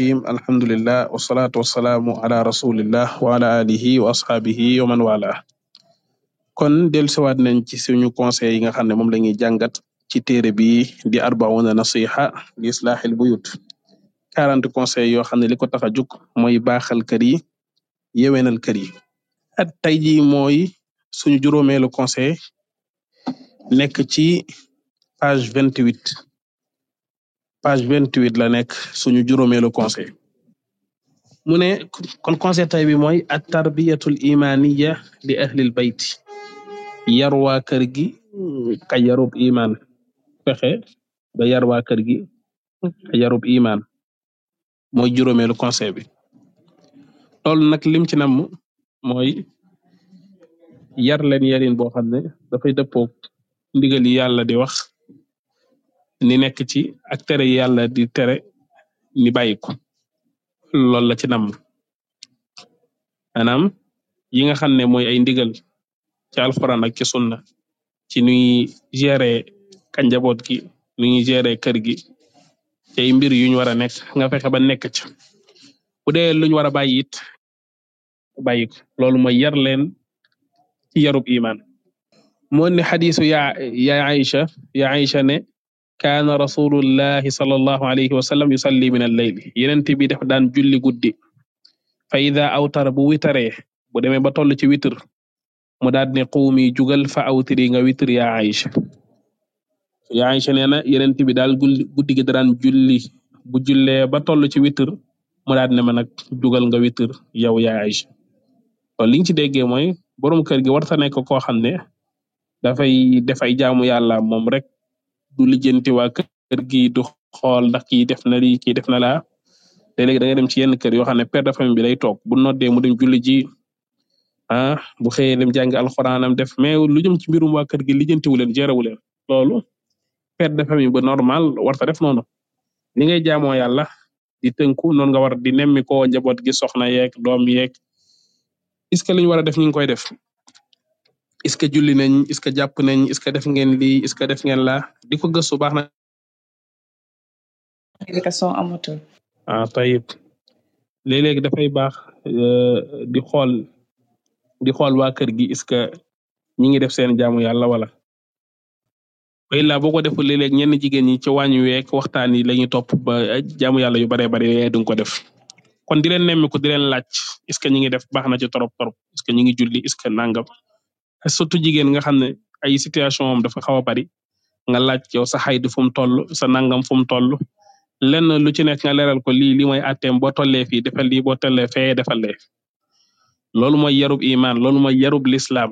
rahim alhamdulillah wasalaatu wasalaamu ala rasulillah wa ala alihi wa asxaabihi wa wala kon dellusiwaat nañ ci suñu conseil yi nga xam ne moom la jàngat ci téere bi di arbauna nasiha li islaaxil buyut quarante conseil yoo xam ne li ko tax a jug mooy baaxal kër yi yewenal kër yi at tey ji mooy suñu juróomeelu conseil nekk ci page vingt-huit page vingt huit la nekk suñu juróomeelu conseil mu ne kon conseil tay bi mooy at tarbiyatul imaniya li ahlil bayt yar waa kër gi ka yarub iman fexe ba yar waa kër gi ka yarub iman mooy juróomeelu conseil bi loolu nag lim ci nam mooy yar leen yarin boo xam ne dafay dëppoog ndigal yi yàlla di wax ni nekk ci ak tere yi yàlla di tere ni bàyyi ko loolu la ci namm maanaam yi nga xam ne mooy ay ndigal ci alxuraan ak ci na ci nuy gérer ka njaboot gi nu ñuy gérer kër gi ci ay mbir yuñ war a nekk nga fexe ba nekk ci bu dee luñ war a bàyyi it bàyyi ko loolu mooy yar leen ci yarub iman moo ni ya ya Aisha ya Aisha ne kaana rasulullahi sallallahu alayhi wa sallam yusalli min al-layl yenent bi def daan julli guddi fa ida awtara bu witaree bu demee ba toll ci witr mu daal ne quumi jugal fa awtiri nga witr yaa Aïcha yaa Aïcha nee na yenent bi daal guddi gi daan julli bu jullee ba toll ci witr mu daal ne ma nag jugal nga witr yow yaa Aïcha loolu li ñu ci déggee mooy borom kër gi warta nekk koo xam ne dafay def ay jaamu yàlla moom rek du lijjanti waa kër gi du xool ndax ki def na ki kii def na laa te da nga dem ci yenn kër yoo xam ne père famille bi lay toog bu noddee mu dem ji a ah, bu xëyee dem jàng alxuraanam def mais lu jëm ci mbirum waa kër gi lijjantiwu leen jerewu leen loolu père de famille ba normal warta def noonu ni ngay jaamoo yàlla di tënku noonu nga war di nemmi ko njaboot gi soxna yeeg doom yeeg est ce que li ñu def ñu koy def est ce que julli nañ est ce que jàpp nañ est ce que def ngeen lii est def ngeen laa di ko gëstu baax na. éducation amatul. ah tayib léeg dafay baax euh, di xool di xool waa kër gi est ce que ñi ngi def seen jaamu yàlla wala. way laa boo ko deful léeg-léeg ñenn jigéen ñi ci wàññi week waxtaan yi la ñuy topp ba eh, jaamu yàlla yu baree bare yooyu duñ ko def. kon di leen nemmiku di leen laaj est ce que ngi def baax na ci trop trop est ce que ñi ngi julli est ce nangam. surtout jigéen nga xam ne ay situation dafa xaw a bari nga laaj yow sa xaydu fu mu toll sa nangam fu mu toll lenn lu ci nekk nga leeral ko lii li mooy atteem boo tollee fii defal lii boo tollee fee defal lee loolu mooy yarub iman loolu mooy yarub lislaam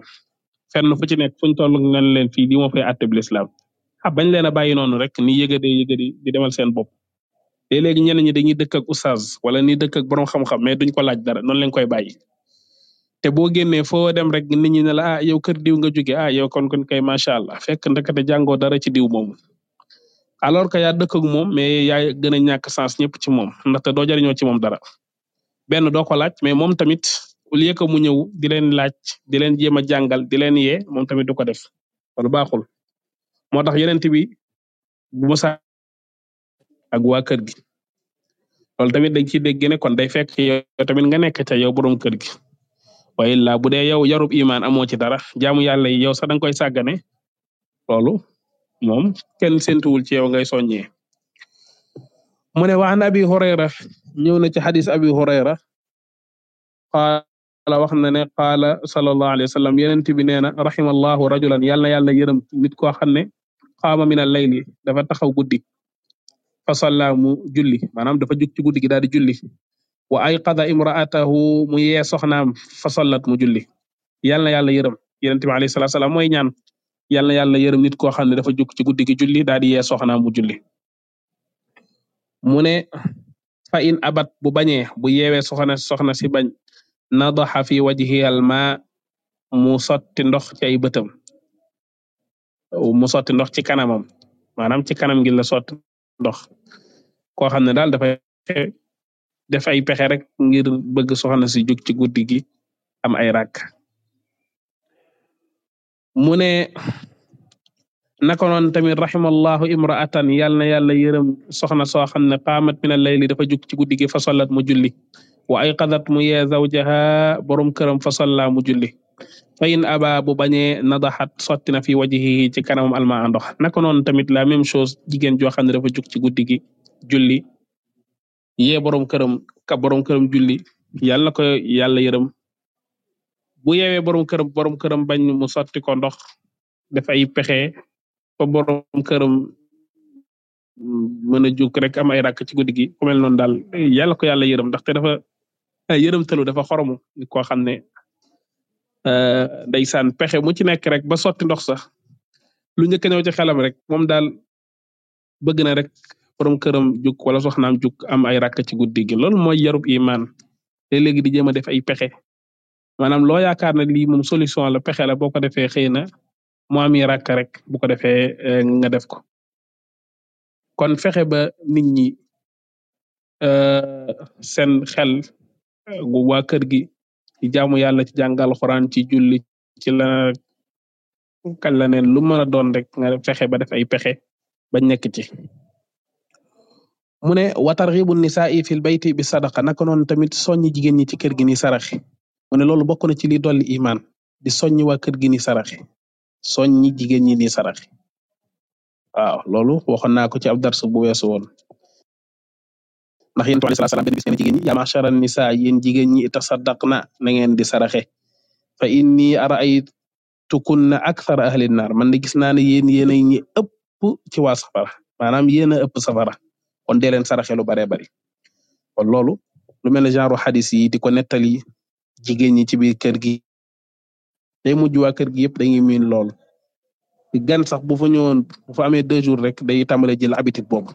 fenn fu ci nekk fuñ toll nga leen fii lii moo fay atteb lislaam ah bañ leen a bàyyi noonu rek ni yëgadee yëgadi di demal seen bopp léeg-léegi ñenn ñi dañuy dëkk ak oustaz wala ni dëkk ak borom xam-xam mais duñ ko laaj dara noonu lañ koy bàyyi te boo génnee foo dem rek nit ñi ne la ah, yow kër diw nga jóge ah yow kon kon kay macha allah fekk ndekete jàngoo dara ci diw moomu alors que yaa dëkk ak moom mais yaa gën a ñàkk sens ñëpp ci moom ndaxte doo jariñoo ci moom dara benn doo ko laaj mais moom tamit au lieu que mu ñëw di leen laaj di leen jéem a jàngal di leen yee moom tamit du ko def loolu baaxul moo tax yeneen bi bu ma saa ak waa kër gi loolu tamit dañ ciy dégg kon day fekk yow tamit nga nekk ca yow borom kër gi. wa illaa bu dee yow yarub imaan amoo ci dara jaamu yàlla yi yow sax danga koy sàggane loolu moom kenn séntuwul ci yow ngay soññee mu ne waan abi hurayra ñëw na ci xadis abi hurayra qaala wax na ne qaala sallallahu alayhi wa sallam yenent bi nee na raximallahu rajulan yàl na yàlla yërëm nit ko xam ne qaama min al layli dafa taxaw guddi fa salla mu julli maanaam dafa jug ci guddi gi daal di julli wa ayqada imraatahu mu soxna soxnaam fa sallat mu julli yal na yàlla yërëm yonent bi alayhi salaatu salaam mooy ñaan yal na yàlla yërëm nit koo xam ne dafa jóg ci guddi gi julli daal ye yee soxnaam mu julli mu ne fa in abat bu bañe bu yeewee soxna soxna si bañ nadaxa fi wajhi al mu sotti ndox ci bëtam mu sotti ndox ci kanamam maanaam ci kanam gi la sotti ndox koo xam ne daal dafay def ay pexe rek ngir bëgg soxna si jóg ci guddi gi am ay rag mu ne naka noon tamit rahimallahu imra'atan yal na yàlla yërëm soxna soo xam ne qaamat min al-layli dafa jóg ci guddi gi fa sollat mu julli wa ayqadat mu yee zawjaha borom këram fa solla mu julli fa in aba bu bañee nadaxat sotti na fi wajihi ci kanamam alma ndox naka tamit la même chose jigéen joo xam ne dafa jóg ci guddi gi julli yee boroom këram ka boroom këram juli yàlla ko yàlla yërëm bu yeewee borom këram boroom këram bañ mu sotti ndox def ay pexe ba boroom këram mën a jóg rek am ay rakk ci guddi gi ku mel noonu daal yàlla ko yàlla yërëm ndaxte dafa yërëmtalu dafa xoromu ni koo xam ne euh, ndeysaan pexe mu ci nekk rek ba sotti ndox sax lu njëkk ñëw ci xelam rek moom daal bëgg na rek borom këram jug wala soxnaam jug am ay rakk ci guddi gi loolu mooy yarub iman te léegi di jéem a def ay pexe maanaam loo yaakaar ne lii moom solution la pexe la boo ko defee xëy na mu am rakk rek bu ko defee eh, nga def ko kon fexe ba nit ñi eh, seen xel gu waa kër gi ci jaamu yàlla ci jàngal xuraan ci julli ci la kañ la lu mën a doon rek nga fexe ba def ay pexe ba nekk ci mu ne wa targhibu nisaai fil bayti bi sadaqa naka noonu tamit ñi jigéen ñi ci kër gi ni saraxe mu ne loolu bokk na ci li dolli imaan di soññi waa kër gi ni saraxe ñi jigéen ñi ni saraxe waaw loolu waxoon naa ko ci ab darsu bu weesu woon ndax yéen sallallahu alayhi wasallam jigéen ñi yaa ma'shara nisaa yéen na ngeen di saraxe fa inni ara'aytukunna akthara ahli naar man de gis naa ne yéen yéen ñi ëpp ci waa safara maanaam yéen a ëpp safara kon dee leen saraxe lu baree bari kon loolu lu mel ne genre xadis yi di ko nettali jigéen ñi ci biir kër gi day mujj waa kër gi yëpp dañuy miin lool gan sax bu fa ñëwoon bu fa amee deux jours rek day tàmbale jël habitude boobu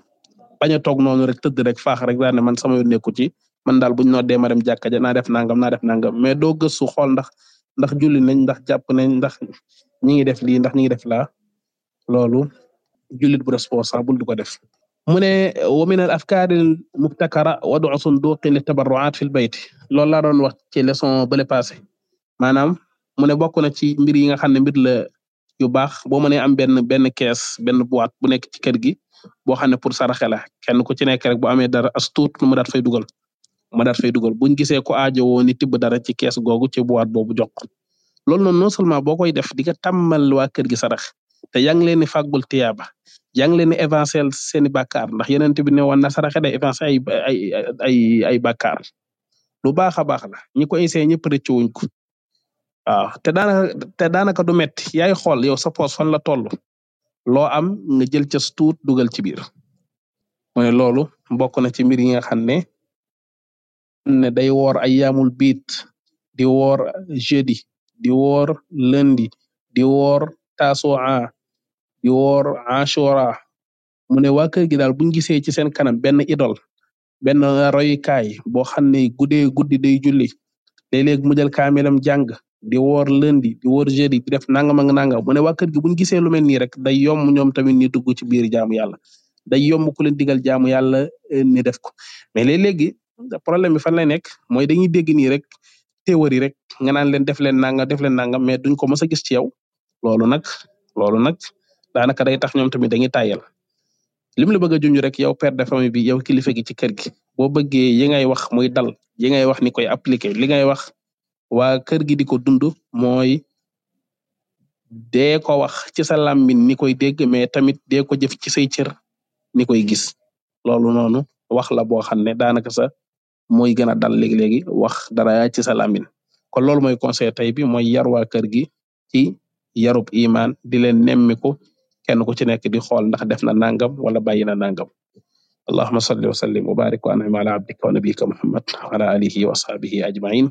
bañ a tog noonu rek tëdd rek fax rek daal ne man sama yoon nekku ci man daal buñ noo dee ma dem jàkka ja naa def nangam naa def nangam mais doo gëstu xool ndax ndax julli nañ ndax jàpp nañ ndax ñi ngi def lii ndax ñi ngi def laa loolu jullit bu responsable du ko def mu ne wa min al afkaaril mubtakara wadu sunduqin li tabarruaat fil bayt loolu laa doon wax ci leçon bële passé maanaam mu ne bokk na ci mbir yi nga xam ne mbir la yu baax boo mënee am benn benn kees benn boîte bu nekk ci kër gi boo xam ne pour saraxe la kenn ku ci nekk rek bu amee dara as tuut mu daat fay dugal mu daat fay dugal buñ gisee ko aajowoo ni tibb dara ci kees googu ci boîte boobu jox loolu noonu non seulement boo koy def di nga tàmmal waa kër gi sarax te yaa ngi leen di fàggul tiyaaba yaa ngi leen di seeni bàkkaar ndax yeneen bi ne woon na saraxe day évancé ay ay ay ay bàkkaar lu baax a baax la ñi ko essayé ñëpp rëccu wuñ ko te daanaka te daanaka du metti yaay xool yow sa poos fan la toll loo am nga jël ca dugal ci biir mu ne loolu bokk na ci mbir yi nga xam ne ne day woor ay yaamul biit di woor jeudi di woor lundi di woor taasuwaa di woor ashura mu ne waa kër gi daal buñ gisee ci seen kanam benn idol benn royukaay boo xam ne guddee guddi day julli léeg-léeg mu jël kaamelam jàng di woor lundi di wor jeudi di def nangam ak nangam mu ne waa kër gi buñ gisee lu mel nii rek day yomb ñoom tamit ni dugg ci biir jaamu yàlla day yomb ku leen digal jaamu yàlla ni eh, def ko mais léeg-léegi problème bi fan lay nekk mooy dañuy dégg nii rek théorie rek nga naan leen def leen nangam def leen nangam mais duñ ko mës a gis ci yow loolu nag loolu nag daanaka day tax ñoom tamit dañuy tàyyal lim la bëgg a junj rek yow père de famille bi yow kilifa gi ci kër gi boo bëggee yi ngay wax muy dal yi ngay wax ni koy appliquer li ngay wax waa kër gi di ko dund mooy dee ko wax ci sa làmmiñ ni koy dégg mais tamit dee ko jëf ci say cër ni koy gis loolu noonu wax la boo xam ne daanaka sa mooy gën a dal léegi léegi wax dara ci sa làmmiñ kon loolu mooy conseil tey bi mooy yar waa kër gi ci yarub imaan di leen nemmiku kenn ku ci nekk di xool ndax def na nangam wala bàyyi na nangam allahuma salli wa sallim wa barik wa an'im ala abdika wa nabiyika muhammad wa ala alihi wa ashabihi ajma'in